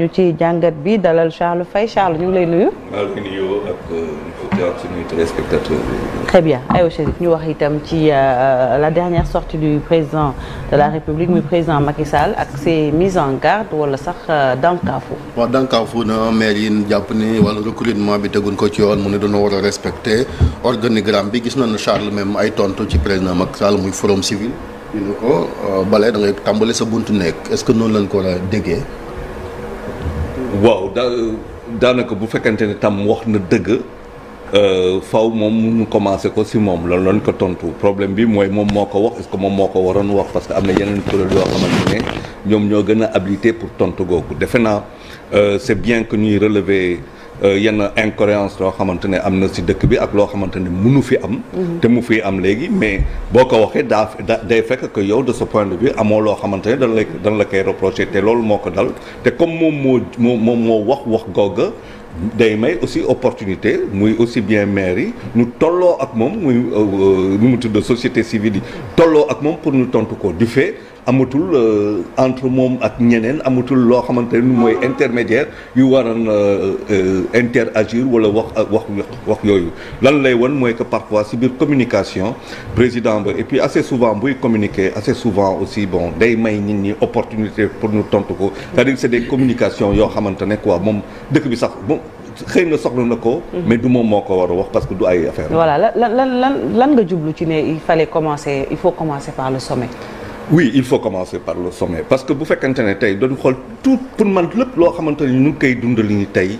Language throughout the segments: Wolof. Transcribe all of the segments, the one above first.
ñu ci jàngat bi dalal Charles fay Charles ñu ngi lay nuyu. maa ngi lay nuyu euh, eh, ñu wax itam ci euh, la dernière sortie du président de la République muy président Macky Sall ak ses mises en garde wala sax euh, dànkaafu. waaw dànkaafu na maire yi jàpp ni wala recrutement bi teguñ ko ci yoon mu ne dañoo war a respecter organigramme bi gis nañu Charles même ay tontu ci président Macky Sall muy forum civil. ñu ne ko bale da tàmbali sa buntu nekk est-ce que noonu lañ ko war déggee. waaw daa daanaka bu fekkente ne tam wax na dëgg euh, faw moom ñu commencé ko si moom loolu lañ ko tontu problème bi mooy moom moo ko wax est moom moo ko waroon wax parce que am na yeneen kuréel yoo xamante ne ñoom ñoo gën a habilité pour tontu googu defe naa euh, c'est bien que ñuy relever. Euh, yenn incohérence loo xamante ne am na si dëkk bi ak loo xamante ne munu fi am mhm. te mu fi am léegi mais boo ko waxee daa day fekk que yow de ce point de vue amoo loo xamante ne dañ la la koy reproché te loolu moo ko dal te comme moom moo moom moo wax wax googa day may aussi opportunité muy aussi bien maire yi ñu tolloo ak moom muy euh, euh, nu mu tudd société civile yi tolloo ak moom pour ñu tontu ko du fait amatul euh, entre moom ak ñeneen amatul loo xamante ni mooy intermédiaire yu waroon euh, euh, interagir wala wax wax wax yooyu lan lay won mooy que parfois si biir communication président ba et puis assez souvent buy communiquer assez souvent aussi bon day may nit ñi opportunité pour ñu tontu ko cest à c'est des communication yoo xamante ne quoi moom dëkk bi sax moom xëy na soxla na ko. mais du moom moo ko war a wax parce que du ay affaire voilà lan lan lan lan nga jublu ci ne il fallait commencer il faut commencer oui il faut commencer par le sommet parce que bu fekkente ne tey doon xool tout pour man lépp loo xamante ne ñu ngi koy dundali ni tey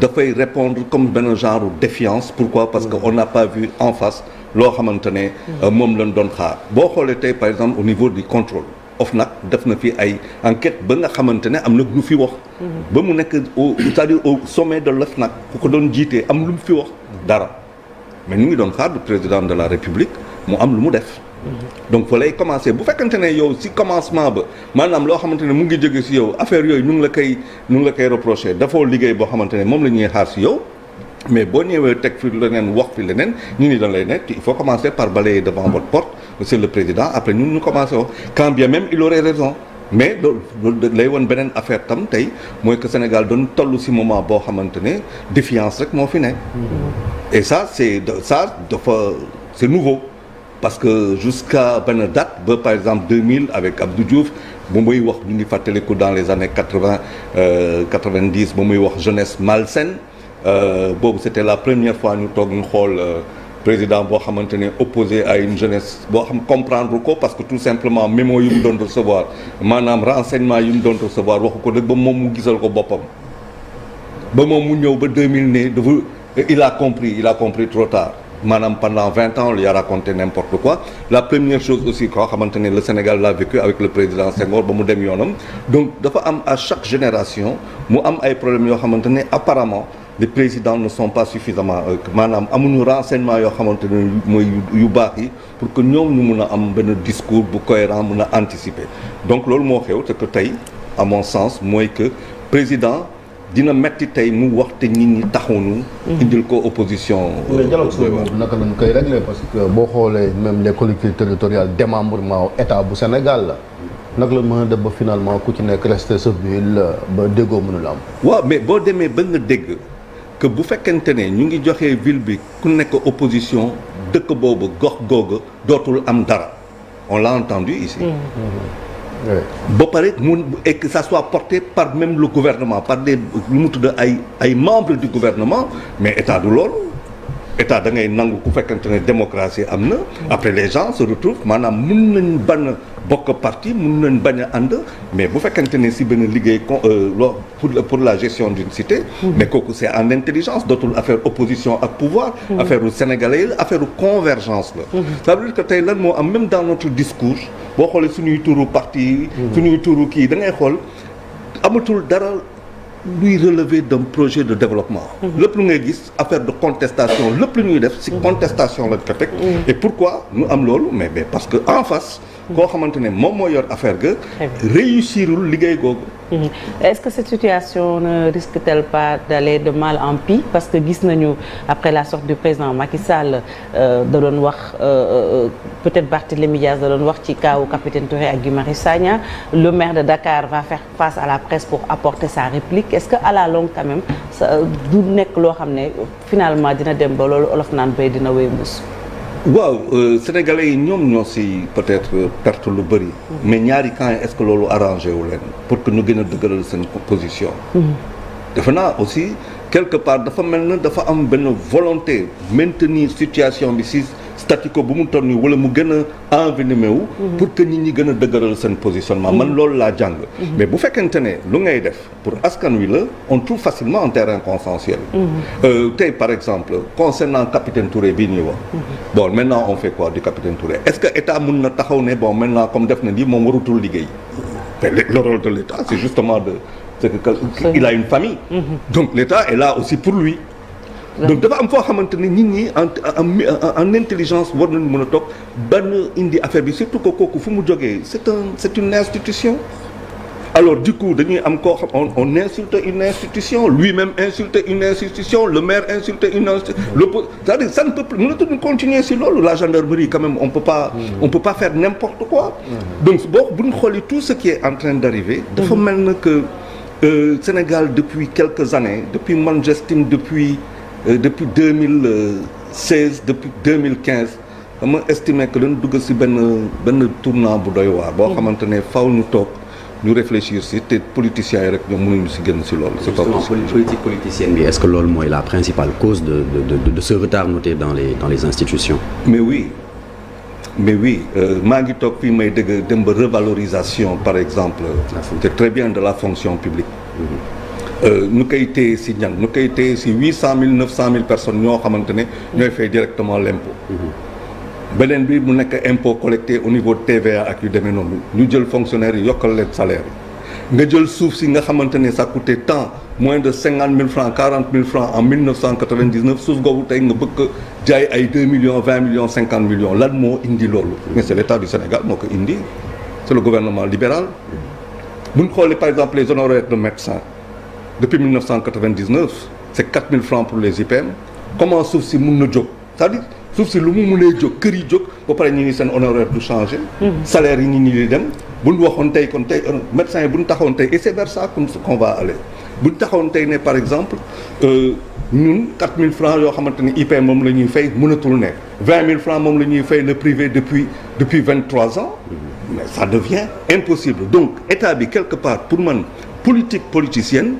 dafay répondre comme benn genre défiance pourquoi parce que mm-hmm. on n'a pas vu en face loo xamante ne mm-hmm. euh, moom lañ doon xaar boo xoolee tey par exemple au niveau du contrôle nag def na fi ay enquête ba nga xamante ne am na lu fi wax mm-hmm. ba mu nekk au c'est-à-dire au sommet de l'OFNAC ku ko doon jiitee am lu mu fi wax dara mais ñu ngi doon xaar président de la république mu am lu mu def donc fa lay commencé bu fekkante ne yow si commencement ba maanaam loo xamante ne mu ngi jóge si yow affaire yooyu ñu ngi la koy ñu ngi la koy reproché dafoo liggéey boo xamante ne moom la ñuy xaar si yow mais boo ñëwee teg fi leneen wax fi leneen ñu ni dañ lay nekk il faut commencer par balayer devant votre porte monsieur le président après ñun ñu commencé wax quand bien même il aurait raison mais loolu lay won beneen affaire tam tey mooy que Sénégal doon tollu ci moment boo xamante ne défiance rek moo fi nekk mm-hmm. et ça c'est ça dafa c'est nouveau parce que jusqu'à benn date ba par exemple 2000 avec Abdou Diouf bu muy wax ñu ngi fàttaliku dans les années 80 90 bu muy wax jeunesse malsaine euh, boobu c'était la première fois ñu toog ñu xool euh, président boo xamante ne opposé à une jeunesse boo xam comprendre ko parce que tout simplement mémo yu mu doon recevoir maanaam renseignement yu mu doon recevoir waxu ko dëgg ba moom mu gisal ko boppam ba moom mu ñëw ba 2000 ne dafa il a compris il a compris trop tard maanaam pendant vingt ans on lui a raconté n'importe quoi la première chose aussi koo xamante ne le Sénégal l'a vécu avec le président Senghor ba mu dem yoonam donc dafa am à génération mu am ay problèmes yoo xamante ne apparemment les présidents ne sont pas suffisamment euh, maanaam amuñu renseignement yoo xamante ne mooy yu baax yi pour que ñoom ñu mun a am benn discours bu cohérent mun a anticiper donc loolu moo xew te que tey à mon sens mooy que président dina metti tey mu wax te nit ñi taxuñu. Mhm. indil ko opposition. mais dialogue suuf boobu naka lañ koy réglé parce que boo xoolee même les collectivités territoriales démembrement état bu Sénégal la. naka la mën a def ba finalement ku ci nekk resté sa ville ba déggoo mënul am. waaw mais boo demee ba nga dégg que bu fekkente ne ñu ngi joxee ville bi ku nekk opposition dëkk boobu gox googu dootul am dara on l'a entendu ici. Mmh. ba pare mun et que ça soit porté par même le gouvernement par des lu mu tudd ay ay membres du gouvernement mais état du loolu état da ngay nangu ku fekkante ne démocratie am na après les gens se retrouvent maanaam mun nañ bañ a bokk parti mun nañ bañ a ànd mais bu fekkante ne si benn liggéey euh, lo pour pour la gestion d'une cité mmh. mais kooku c'est en intelligence dootul affaire opposition ak pouvoir mmh. affaire u sénégalais yi la convergence la mmh. ça veut que tey lan moo am même dans notre discours boo xoolee suñuy turu parti suñuy turu kii da ngay xool amatul dara luy relever d'un projet de développement mhm. lépp lu ngay gis affaire de contestation lépp lu ñuy def si mhm. contestation lañ ko teg mhm. et pourquoi ñu am loolu mais mais parce que en face koo xamante ne moom moo yor affaire ga réussirul liggéey googu Mhm. est-ce que cette situation ne euh, risque-t-elle pas d'aller de mal en pis parce que gis nañu après la sortie du président Macky Sall euh, da doon wax euh, peut-être Barthélémy Dias da doon wax ci kaawu capitaine Touré ak Guy Marius Sagna le maire de Dakar va faire face à la presse pour apporter sa réplique est-ce que à la longue quand même du nekk loo xam ne finalement dina dem ba loolu olof naan bay dina wéy muus waaw euh, sénégalais yi ñoom ñoo si peut-être perte lu bëri. mais ñaari camp yi est-ce que loolu arrangé wu leen pour que ñu gën a dëgëral seen position. defe naa aussi quelque part dafa mel ne dafa am benn volonté maintenir situation bi statu quo bu mu toll nii wala mu gën a envenimé wu. Mhm. pour que nit ñi gën a seen positionnement. man mhm. loolu laa jàng. Mhm. mais bu fekkente ne lu ngay def pour askan la on trouve facilement un terrain consensuel. Euh, tey par exemple concernant capitaine Touré bii ñuy wax. bon maintenant on fait quoi du capitaine Touré est-ce que état mun na taxaw ne bon maintenant comme def na lii moom warutul liggéey. le rôle de l'état c'est justement de c'est que il a une famille. donc dafa am foo xamante ne nit ñi en en intelligence war nañu mën a toog ban indi affaire bi surtout que kooku fu mu jógee c'est un c'est une institution alors du coup dañuy am koo xam on on insulte une institution lui-même insulte une institution le maire insulte une le cest continuer si loolu la gendarmerie quand même on peut pas hmm. on peut pas faire n'importe quoi hmm. donc boo bu ñu xoolee tout ce qui est en train d'arriver dafa hmm. mel na que euh, Sénégal depuis quelques années depuis man j'estime depuis Euh, depuis deux mille seize depuis deux mille quinze dama estimé que dañu dugg si benn benn tournant bu doy waar. boo mm. xamante ne faw ñu toog ñu réfléchir si te politiciens yi rek ñoom mënuñu si génn si loolu. c'est pas possible politique politicienne bi est mooy la principale cause de de de de ce retard noté dans les dans institutions. mais oui. mais oui euh, maa ngi toog fii may dëgg dem ba revalorisation par exemple. c'est très bien de la fonction publique. ñu euh, koy téye si ñan ñu koy téye si huit cent mille neuf cent mille personnes ñoo xamante ne ñooy fay directement l'impôt mhm. beneen bi mu nekk impôt collecté au niveau TVA ak yu demee noonu ñu jël fonctionnaire yi yokkal leen salaire yi nga jël suuf si nga xamante ne ça coûtait tant moins de cinquante mille francs quarante mille francs en mille neuf cent quatre-vingt-dix-neuf suuf googu tey nga bëgg jaay ay deux lan moo indi loolu mhm. mais c'est du Sénégal moo ko indi c'est le gouvernement libéral mhm. bu ñu xoolee par exemple les honoraires de depuis 1999 c'est 4 000 francs pour les IPM comment suuf si mun na jóg c'est-à-dire suuf si lu mu munee jóg kër yi jóg ba pare ñu ni seen honoraire du changé hmm. salaire yi ñu ni di dem buñ waxoon tey kon tey euh, médecin bu buñ taxawoon tey et c'est vers ça qu'on va aller buñ taxawoon tey ne par exemple euh, ñun 4 000 francs yoo xamante ni IPM moom la ñuy fay mënatul ne 20 000 francs moom la ñuy fay le privé depuis depuis 23 ans hmm. mais ça devient impossible donc état bi quelque part pour man politique politicienne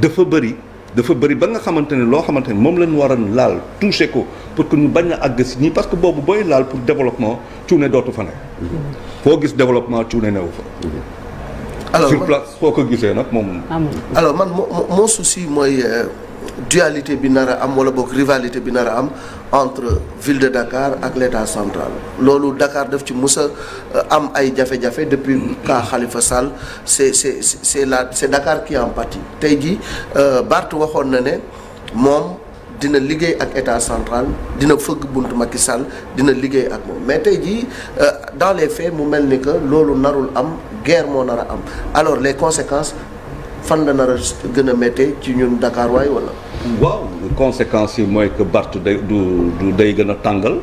dafa bëri dafa bëri ba nga xamante ne loo xamante ne moom lañ war a laal touché ko pour que ñu bañ a àgg si ñii parce que boobu booy laal pour développement cuune dootu fa nekk. Mhm. foo gis développement cuune newu fa. alors sur place foo ko gisee nag moom. alors man moo moo souci mooy. Euh, dualité bi nar a am wala boog rivalité bi nar a am entre ville de Dakar ak l'état central loolu Dakar def ci mus euh, am ay jafe-jafe depuis cas xalifa Sall c'est c'est c'est la c'est Dakar qui en pâtit tey jii euh, Barth waxoon na ne moom dina liggéey ak état central dina fëgg buntu Macky Sall dina liggéey ak moom mais tey jii euh, dans les faits mu mel ni que loolu narul am guerre moo nar a am alors les conséquences fan la nar a gën a méttee ci ñun Dakar waay wala. waaw conséquences yi mooy que Barth day du day gën a tàngal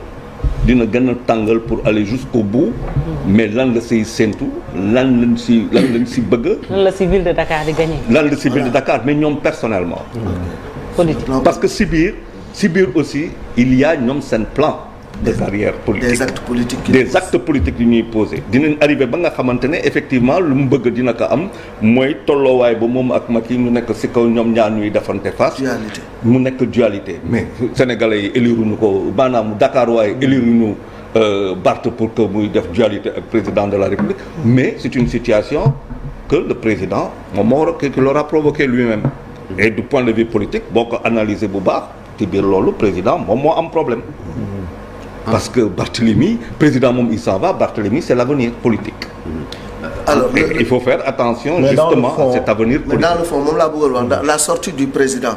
dina gën a tàngal pour aller jusqu'au bout. Hmm. mais lan la si séntu lan la si lan lañ si bëgg. lan la si ville de Dakar di gagné. lan la si ville de Dakar mais ñoom personnellement. politique parce que si biir si biir aussi il y ñoom seen plan. des arrières politiques des actes politiques des actes politiques yu ñu posé dinañ arrivé ba nga xamante ne effectivement lu mu bëgg dina ko am mooy tolloowaay ba moom ak Macky ñu nekk si kaw ñoom ñaar ñuy defante face mu nekk dualité mais sénégalais yi éliruñu ko maanaam Dakar waaye éliruñu euh, Barth pour que muy def dualité ak président de la République mais c'est une situation que le président moom moo ki l'aura provoqué lui-même et du point de vue politique boo ko analyser bu baax ci biir loolu président moom moo am problème parce que Barthélemy président moom il s'en va Barthélemy c'est l'avenir politique euh, alors le, il faut faire attention justement fond, à cet avenir politique mais dans le fond moom laa bëggoon wax la sortie du président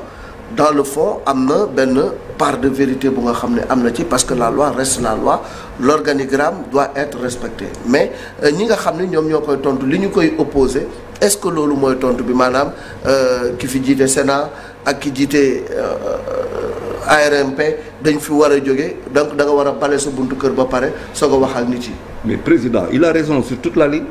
dans le fond am na benn part de vérité bu nga xam ne am na ci parce que la loi reste la loi l'organigramme doit être respecté mais euh, ñi nga xam ne ñoom ñoo koy tontu li ñu koy opposé est-ce que loolu mooy tontu bi maanaam euh, ki fi jiite Sénat ak ki jiite dañ fi war a jóge donc da war a bale sa buntu kër ba pare soog a wax ak nit yi. mais président il a raison sur toute la ligne.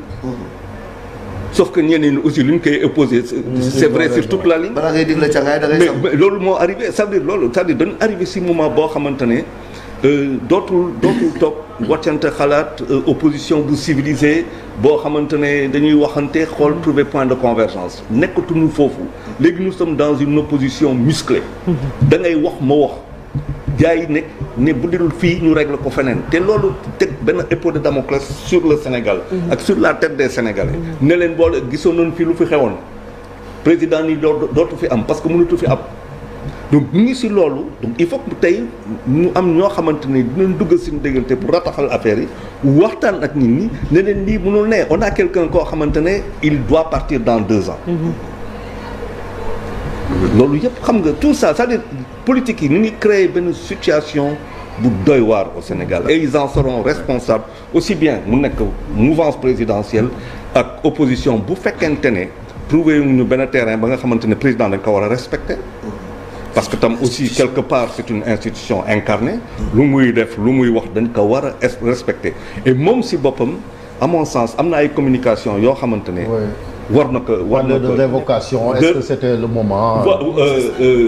sauf que ñeneen ñi aussi lu ñu koy opposé. Mm-hmm. c'est vrai sur toute la ligne. balaa ngay digle càngaay da ngay mais loolu moo arrivé c'est-à-dire loolu c'est-à-dire dañu arrivé si moment boo xamante ne euh, dootul dootul toog wàccante xalaat euh, opposition bu civilisée boo xamante ne dañuy waxante xool mm-hmm. trouver point de convergence nekkatuñu foofu léegi nous sommes dans une opposition mm-hmm. da gars yi ne ne bu dul fii ñu régler ko feneen te loolu teg benn épée de Damoclès sur le Sénégal. Mhm. ak sur la tête des Sénégalais. Mhm. ne leen boole gisoon nañu fii lu fi xewoon président nii dootu fi am parce que munatu fi am. donc ñu ngi si loolu donc il faut que tey mu am ñoo xamante ni dinañ dugg suñu déggante pour rataxal affaire yi waxtaan ak nit ñi ne leen lii mënul ne on a quelqu'un koo xamante ne il doit partir dans deux ans. Mhm. loolu yëpp xam nga tout ça cest à yi ñu ngi créer benn situation bu doy waar au Sénégal et ils en seront responsables aussi bien mu nekk mouvance présidentielle ak opposition bu fekkente ne trouvé ñu benn terrain ba nga xamante ne président dañ ko war a parce que tam aussi quelque part c'est une institution incarnée lu muy def lu muy wax dañ ko war a respecté et moom si boppam à mon sens am na ay communication yoo xamante ne war na ko war na ko de révocation est-ce que c'était le moment. Euh, euh,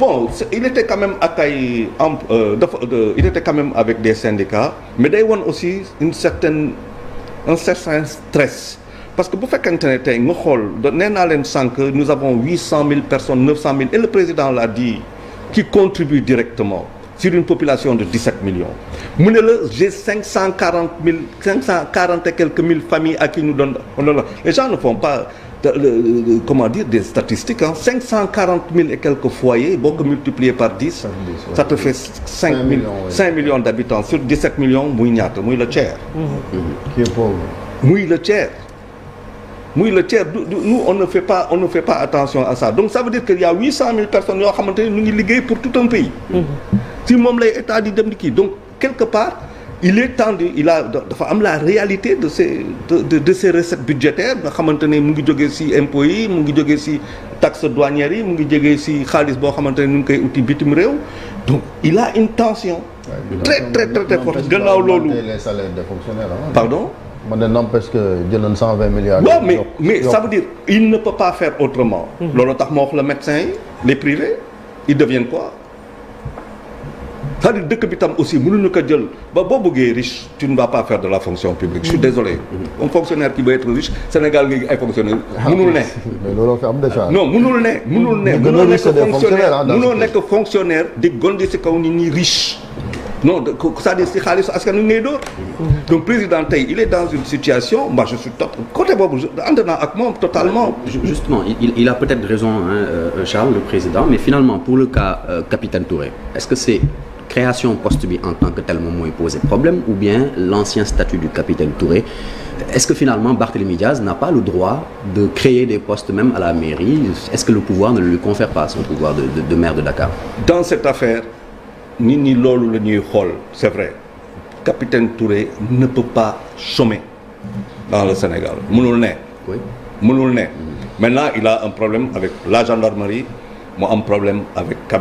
bon il était quand même ak ay am dafa euh, il était quand même avec des syndicats mais day won aussi une certaine un certain stress parce que bu fekkente ne tey nga xool nee naa leen sànq nous avons huit cent mille personnes neuf cent mille et le président l'a dit qui contribuent directement sur une population de 17 millions mu ne la j'ai 540 000 540 et quelques mille familles à qui nous donne on les ne font pas de, le, comment dire des statistiques hein 540 000 et quelques foyers boo ko multiplier par 10 oui. te fait 5 millions, d'habitants sur 17 millions muy ñaata muy le tiers mm-hmm. nous on ne fait pas attention à ça donc ça veut dire que y a 800 000 personnes yoo xamante ne ñu ngi liggéey pour si moom lay état di dem di kii donc quelque part il est tendu il a dafa am la réalité de ces de de, de ces recettes budgétaires nga xamante mu ngi jógee ci impôts yi mu ngi jógee si taxes douanières yi mu ngi jógee si xaalis boo xamante ne ñu ngi koy uti bitim réew donc il a une tension. très très très très forte gannaaw loolu. les salaires des fonctionnaires pardon. man de n'empêche que jëloon cent vingt milliards. waaw mais mais ça veut dire il ne peut pas faire autrement. Mmh. loolu tax moo c'est-à-dire dëkk bi tam aussi mënuñu ko jël ba boo bëggee riche tu ne vas pas faire de la fonction publique je suis mm-hmm. désolé mm-hmm. un fonctionnaire qui veut être riche Sénégal ngi ay fonctionnaire ah, mënul ne mais looloo fi am déjà non mënul ne mënul ne mënoo nekk fonctionnaire mënoo nekk fonctionnaire di gondi si kaw nit ñi riche non c'est-à-dire si xaalisu askan wi ngay dóor mm-hmm. donc président tey il est dans une situation moi je suis top côté boobu ànd naa ak moom totalement justement il, il a peut-être raison hein, euh, Charles le président mais finalement pour le cas euh, capitaine Touré est-ce que c'est création post bi en tant que tel moom mooy poser problème ou bien l'ancien statut du capitaine Touré est-ce que finalement Barthélémy Diaz n'a pas le droit de créer des postes même à la mairie est-ce que le pouvoir ne lui confère pas son pouvoir de, maire de Dakar dans cette affaire nit ñi loolu la ñuy xool c'est vrai capitaine Touré ne peut pas chômer dans le Sénégal mënul ne mënul ne mm. maintenant il a un problème avec la gendarmerie mu am problème avec quand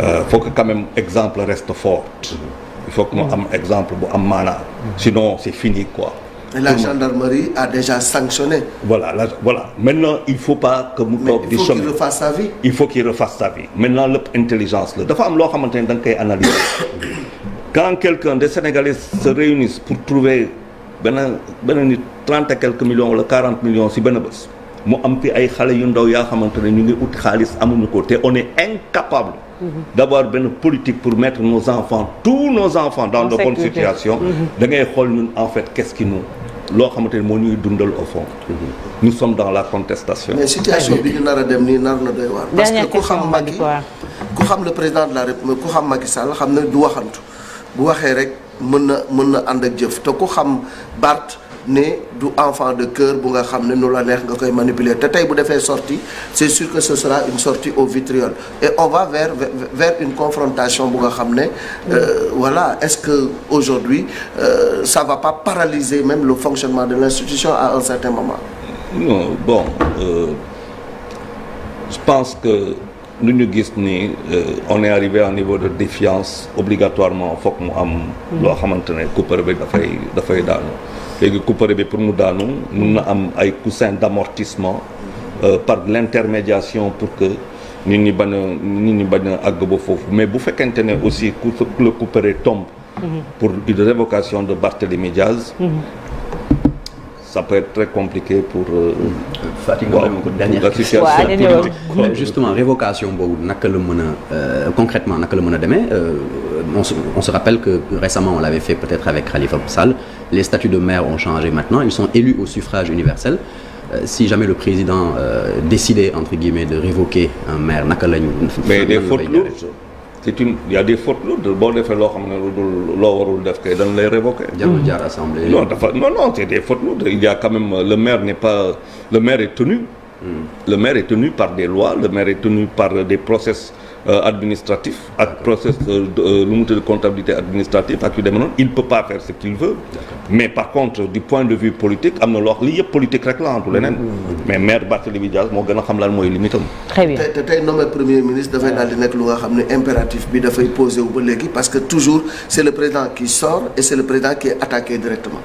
euh, faut que quand même exemple reste fort il faut am exemple bu am maanaam sinon c'est fini quoi Et la gendarmerie a déjà sanctionné. voilà la voilà maintenant il faut pas que mu toog di. sommet il faut qu'il refasse sa vie. il faut qu'il maintenant lépp intelligence la dafa am loo xamante ne da nga koy analyser quand quelqu'un des Sénégalais se réunissent pour trouver benn benn nit trente et quelques millions wala quarante millions si benn bés mu am fi ay xale yu ndaw yaa xamante ne ñu ngi ut xaalis amuñu ko te on est incapable. d'avoir benn politique pour mettre nos enfants tous nos enfants dans de bonnes situations mm-hmm. da ngay xool ñun en fait qu'est-ce qui loo xamante ni moo ñuy dundal au fond mm-hmm. nous sommes dans la contestation mais situation bi ñu nar a dem nii nar na doy waar parce que ku xam Macky ku xam le président de la République ku xam Macky Sall xam ne du waxantu bu waxee rek mën na mën na ànd ak jëf te ku xam Barth ne du enfant de cœur bu nga xam ne nu la neex nga koy manipuler te tey bu defee sortie c'est sûr que ce sera une sortie au vitriol et on va vers vers une confrontation bu nga xam ne euh, voilà est-ce que aujourd'hui euh, ça va pas paralyser même le fonctionnement de l'institution à un certain moment bon euh, je pense que nu ñu gis ni euh, on est arrivé à un niveau de défiance obligatoirement foog mu am loo xamante ne coupure bi dafay dafay daanu léegi couperet bi pour mu daanu mun na am ay coussin d'amortissement euh, par l'intermédiation pour que nit ñi bañ a ñi bañ a ba foofu mais bu fekkente ne aussi que le couperet tombe mm-hmm. pour une révocation de Barthélémy Diaz mm-hmm. ça peut être très compliqué pour. Euh, Fatick waaw la situation justement révocation boobu naka la mën a euh, concrètement naka la mën a demee euh, on se on se rappelle que récemment on l'avait fait peut-être avec Khalifa Sall. Les statuts de maire ont changé maintenant. Ils sont élus au suffrage universel. Euh, si jamais le président euh, décidait, entre guillemets, de révoquer un maire, naka lañu. mais des fautes lourdes c'est une il y a des fautes lourdes boo defee loo xam ne lu dul loo warul def kay dañ lay révoquer. jarul jaar assemblée. non dafa non non c'est des fautes lourdes il y a quand même le maire n'est pas le maire est tenu. Mm. le maire est tenu par des lois le maire est tenu par des process. Euh, administratif ak proces euh, euh, lu mu tudd comptabilité administrative ak yu demee noonu il peut pas faire ce qu'il veut mais par contre du point de vue politique am na loo xam li yëpp politique rek la antu leneen mm. mais maire Barthélémy Dias moo gën a xam lan mooy limitam très bien te tey nommé premier ministre dafay daal di nekk lu nga xam ne impératif bi dafay posé wu ba léegi parce que toujours c'est le président qui sort et c'est le président qui est attaqué directement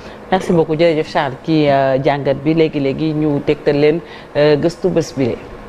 merci beaucoup jëf Charles kii euh, jàngat bi léegi léegi ñu tegtal leen euh, gëstu bés bi